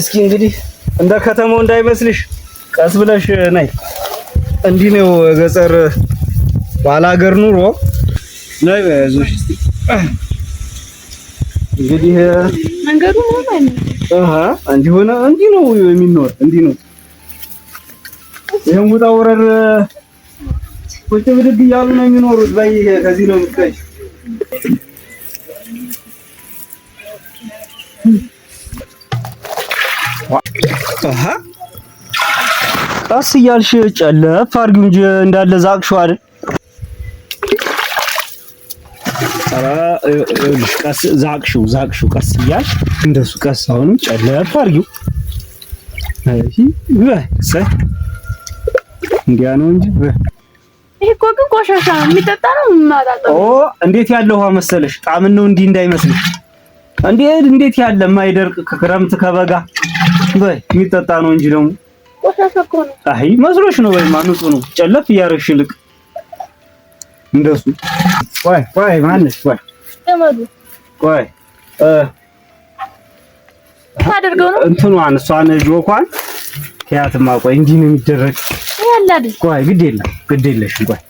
እስኪ እንግዲህ እንደ ከተማው እንዳይመስልሽ ቀስ ብለሽ ነይ። እንዲህ ነው ገጠር ባላገር ኑሮ። ነይ በያዙሽ እንግዲህ መንገዱ ሆነ አሃ እንዲህ ሆነ። እንዲህ ነው የሚኖር፣ እንዲህ ነው ይሄን ውጣ ውረድ ቁጭ ብድግ እያሉ ነው የሚኖሩት። ላይ ከዚህ ነው የምትቀጭ ቀስ እያልሽ ጨለፍ አድርጊው እንጂ እንዳለ ዛቅሽው አይደል? ቀስ ዛቅሽው ዛቅሽው ቀስ እያልሽ እንደሱ ቀስ አሁንም ጨለፍ አድርጊው። እንዲያ ነው እንጂ ይሄ እኮ ግን ቆሻሻ የሚጠጣ ነው። ኦ እንዴት ያለ ውሃ መሰለሽ? ጣምን ነው እንዲህ እንዳይመስልሽ። እንዴት ያለ የማይደርቅ ከክረምት ከበጋ በይ የሚጠጣ ነው እንጂ ደግሞ ቆሻሻ እኮ ነው። አይ መስሎሽ ነው። በይማ ንጹህ ነው። ጨለፍ እያደረግሽ ይልቅ እንደሱ ቆይ ቆይ ማነሽ ቆይ ቆይ እ ታደርገው ነው እንትኗን እሷን ጆኳን ከያትማ ቆይ እንዲህ ነው የሚደረግ ያላድ ቆይ ግድ የለም ግድ የለሽም ቆይ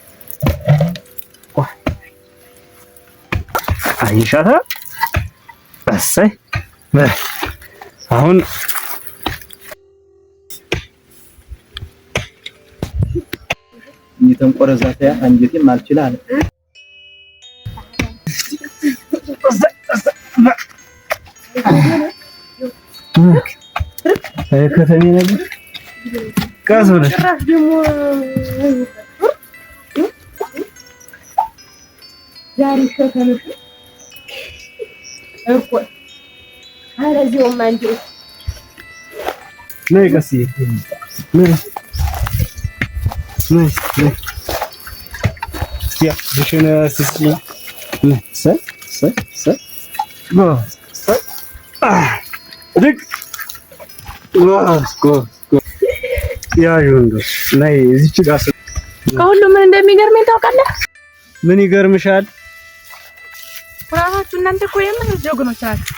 ቆይ አይሻታ በሰይ አሁን እየተንቆረዛተ አንጀቴም አልችል አለ። ከተሜ ነገር ቀስ ብለሽ ዛሬ ከተነሽ እኮ ኧረ እዚያውማ እንዲሁ ነይ ቀስዬ ከሁሉም ምን እንደሚገርመኝ ታውቃለህ? ምን ይገርምሻል? ኩራታችሁ እናንተ እኮ የምን ጀግኖች ናችሁ።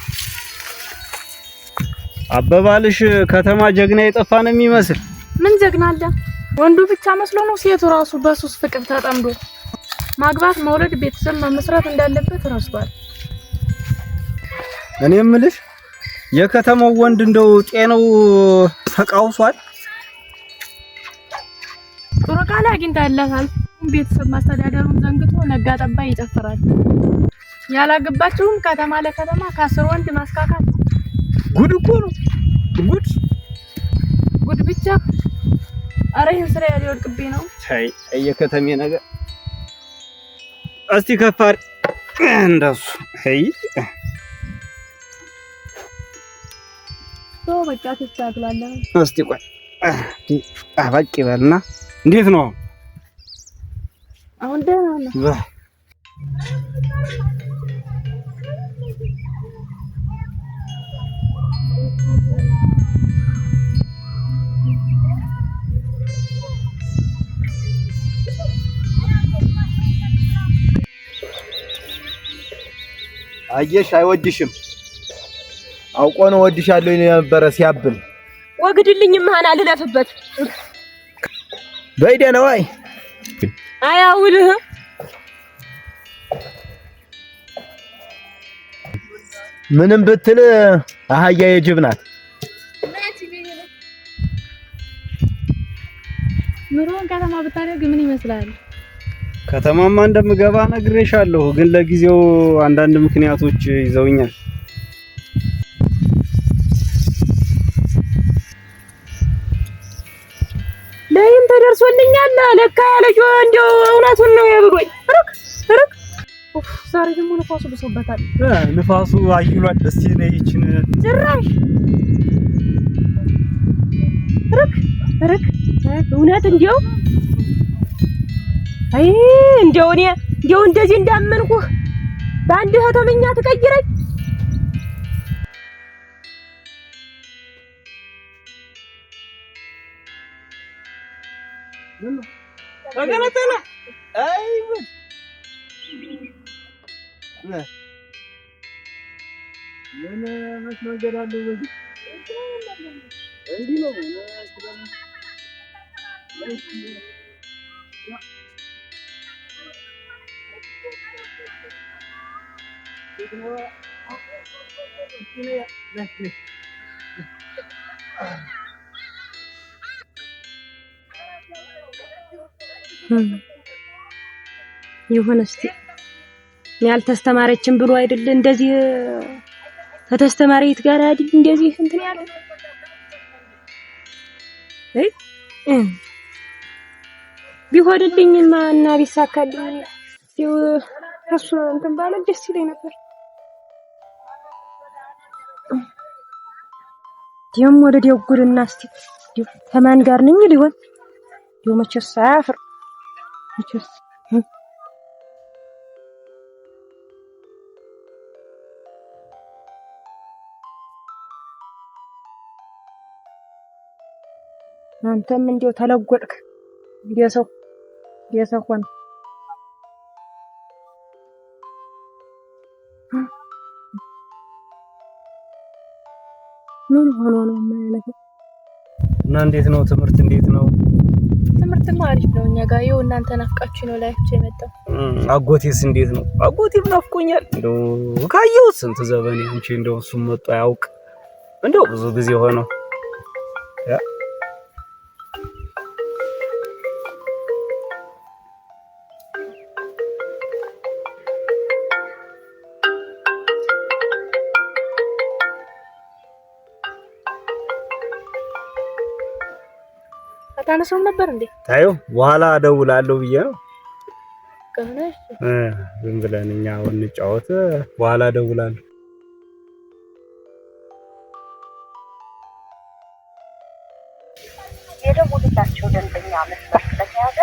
አበባልሽ ከተማ ጀግና የጠፋ ነው የሚመስል ምን ጀግና አለ? ወንዱ ብቻ መስሎ ነው ሴቱ ራሱ በሱስ ፍቅር ተጠምዶ ማግባት፣ መውለድ፣ ቤተሰብ መመስረት እንዳለበት ረስቷል። እኔ የምልሽ የከተማው ወንድ እንደው ጤነው ተቃውሷል። ጥሩ ቃል አግኝታለታል። ቤተሰብ ማስተዳደሩን ዘንግቶ ነጋ ጠባ ይጨፍራል። ያላገባችውም ከተማ ለከተማ ከአስር ወንድ ማስካካት ጉድ እኮ ነው። ጉድ ጉድ ብቻ አረ ይሄን ስራ ሊወድቅብኝ ነው። ቻይ እየከተሜ ነገር እስቲ ከፋር እንደሱ አይ ሶ በቃ ተስተካክላለሁ። እስቲ ቆይ አባቂ በልና እንዴት ነው አሁን ደህና ነው። አየሽ፣ አይወድሽም። አውቆ ነው እወድሻለሁ የነበረ ሲያብል ወግድልኝ ማህና አልለፍበት በይ ደህና ዋይ አያውልህ ምንም ብትል አህያ የጅብ ናት። ኑሮን ከተማ ብታደርግ ምን ይመስላል? ከተማማ እንደምገባ ነግሬሻለሁ፣ ግን ለጊዜው አንዳንድ ምክንያቶች ይዘውኛል። ላይም ተደርሶልኛል። ለካ ያለጆ እንደው እውነቱን ነው የብሎኝ። ርክ ዛሬ ደግሞ ንፋሱ ብሶበታል። ንፋሱ አይሏል። እስቲ ነይ ይችን ጭራሽ ርክ ርክ እውነት እንዲያው አይ እንደው እኔ እንደው እንደዚህ እንዳመንኩህ በአንድ ህተምኛ ትቀይረኝ። ምን መች መንገድ አለው በዚህ እንዲህ ነው። ይሁን እስቲ ያልተስተማረችን ብሎ አይደል እንደዚህ ከተስተማሪት ጋር አይደል እንደዚህ እንትን ያለ አይ ቢሆንልኝማ እና ቢሳካልኝ እሱ እንትን ባለ ደስ ይለኝ ነበር። ደም ወደ ዲው ጉድና እስቲ ከማን ጋር ነኝ ሊሆን ዲው መቼስ አያፍር መቼስ አንተም እንዲው ተለወጥክ እንደ ሰው እንደ ሰው ሆነ ምን ሆኖ ነው ማለት እና እንዴት ነው ትምህርት እንዴት ነው ትምህርትማ አሪፍ ነው እኛ ጋር ይኸው እናንተ ናፍቃችሁ ነው ላይፍቼ የመጣው አጎቴስ እንዴት ነው አጎቴም ናፍቆኛል እንደው ካየው ስንት ዘበኔ አንቺ እንደው እሱም መጥቶ አያውቅ እንደው ብዙ ጊዜ ሆነው አላነሳውም ነበር እንዴ? ታዩ በኋላ እደውላለሁ ብዬ ነው። ዝም ብለን እኛ እንጫወት፣ በኋላ እደውላለሁ። ደንበኛ መስመር ስለተያዘ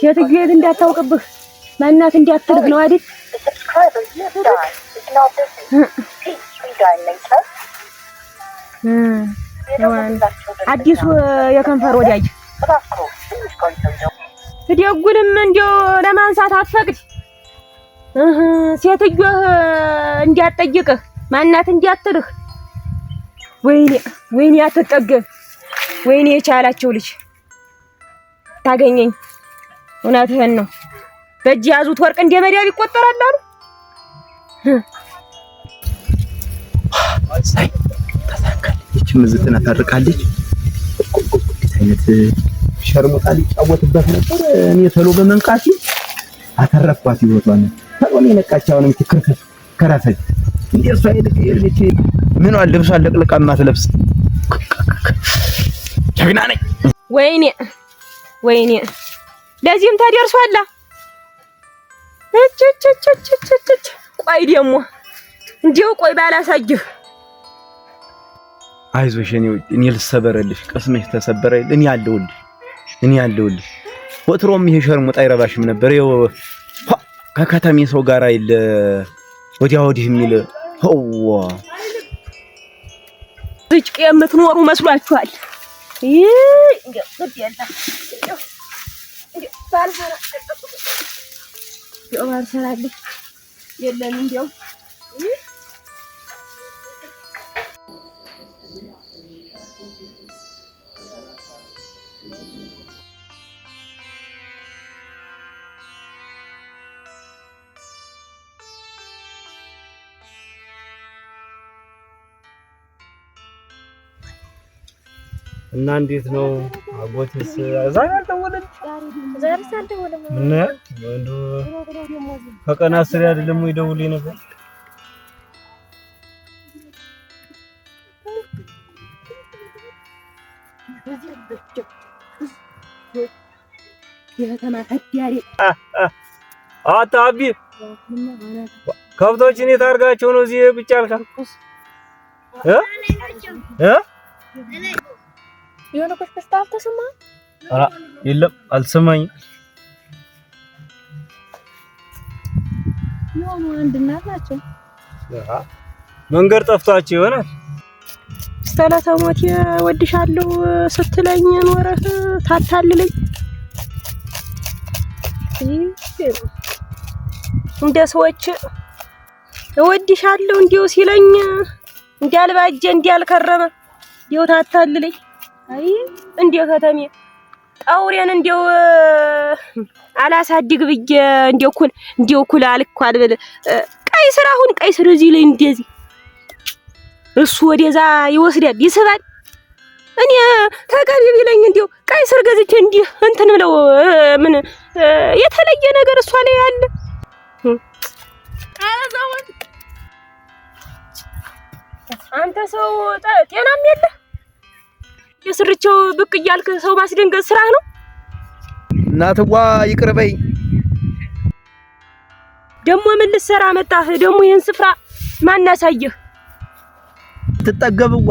ሴትዮ የት እንዳታውቅብህ ማናት እንዲያትልህ ነው አይደል? አዲሱ የከንፈር ወዳጅ ትደጉልም እንዲያው ለማንሳት አትፈቅድ። ሴትዮህ እንዲያጠይቅህ ማናት እንዲያትልህ። ወይኔ ወይኔ፣ አትጠገብ። ወይኔ የቻላቸው ልጅ ታገኘኝ እውነትህን ነው። በእጅ የያዙት ወርቅ እንደ መዳብ ይቆጠራል አሉ። ሳይ ተሳካለች፣ ምዝትን እንዴት አይነት ሸርሙጣ ሊጫወትበት ነበር። እኔ በመንቃት አተረፍኳት ነው የነቃች። አሁንም እንዴ ይልቅ ምን ለቅልቃ ማትለብስ ጀግና ነኝ። ወይኔ ወይኔ ለዚህም ተደርሷላ። እች ቆይ ደግሞ እንዲው ቆይ ባላሳጅህ። አይዞሽ እኔ እኔ ልሰበረልሽ። ቅስምሽ ተሰበረ እኔ አለሁልሽ፣ እኔ አለሁልሽ። ወትሮም ይሄ ሸርሙጣ አይረባሽም ነበር። ይኸው ከከተሜ ሰው ጋር ይል ወዲያ ወዲህ የሚል ሆዎ ዝጭቅ የምትኖሩ መስሏችኋል? ይሄ ባልሰራ የለም እንዲያው እናንዴት ነው አጎትስ ዛሬ አልደወለም? ዛሬስ አልደወለም። ምን እንደው ከቀን አስሬ አይደለም ወይ ደውሌ ነበር። አታ አቢ ከብቶችን የት አድርጋቸው ነው እዚህ ብቻ አልካ እ እ የሆነ ኮሽኮሽታ አልተሰማ? ኧረ የለም አልሰማኝም። የሆኑ አንድ እናት ናቸው። መንገድ ጠፍቷቸው ይሆናል። ስተላተሞት ወድሻለሁ ስትለኝ ኖረህ ታታልለኝ እንደ ሰዎች እወድሻለሁ እንዲሁ ሲለኝ እንዲያልባጀ እንዲያልከረመ እንዲሁ ታታልለኝ አይ እንዴ ከተሜ ጠውሬን እንዴው አላሳድግ ብዬ እንዴው ኩል እንዴው ኩል አልኳል በል ቀይ ስራ አሁን ቀይ ስር እዚህ ላይ እንደዚህ እሱ ወደዛ ይወስዳል ይስባል። እኔ ተገቢ ቢለኝ እንዴው ቀይ ስር ገዝቼ እንዲህ እንትን ብለው ምን የተለየ ነገር እሷ ላይ አለ አንተ ሰው ጤናም የለህ የስርቻው ብቅ እያልክ ሰው ማስደንገጥ ስራ ነው። እናትዋ ይቅርበይ። ደግሞ ምን ልትሰራ መጣህ? ደግሞ ይህን ስፍራ ማን አሳየህ? ትጠገብዋ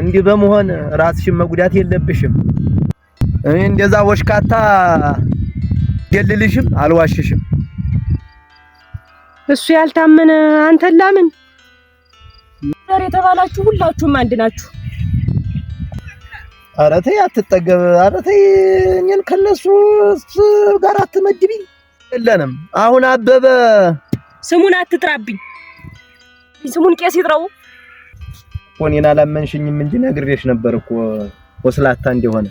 እንዲህ በመሆን ራስሽን መጉዳት የለብሽም። እኔ እንደዛ ወሽካታ ደልልሽም አልዋሽሽም። እሱ ያልታመነ አንተን ላምን? ዘር የተባላችሁ ሁላችሁም አንድ ናችሁ። ኧረ ተይ አትጠገብ፣ ኧረ ተይ እኔን ከነሱ ጋር አትመድቢኝ። የለንም አሁን አበበ ስሙን አትጥራብኝ፣ ስሙን ቄስ ይጥራው እኮ እኔን አላመንሽኝም እንጂ ነግሬሽ ነበር እኮ ወስላታ እንደሆነ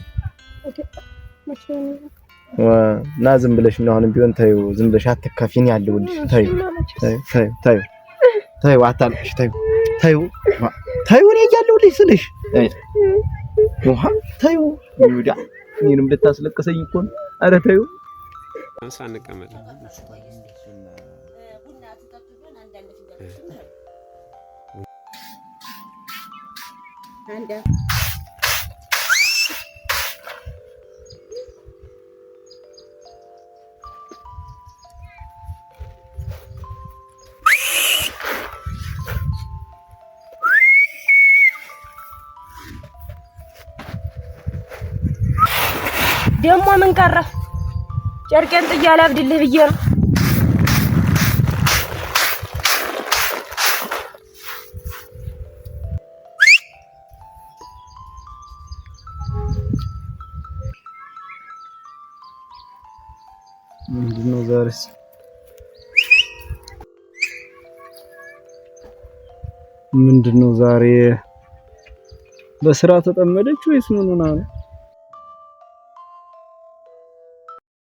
እና ዝም ብለሽ ነው አሁንም ቢሆን ተይው፣ ዝም ብለሽ አትከፊኝ ያለውልሽ። ተይው ተይው ተይው ተይው፣ አታልቅሽ። ተይው ተይው ተይው፣ እኔ እያለሁልሽ ስልሽ ውሃን ተዩ ይሁዳ እኔንም ልታስለቅሰኝ እኮ ነው። ኧረ ተዩ ሳንቀመጥ አንድ ደግሞ ምን ቀረ? ጨርቄን ጥዬ አላብድልህ ብዬ ነው። ምንድነው ዛሬስ? ምንድነው ዛሬ በስራ ተጠመደች ወይስ ምን ሆና ነው?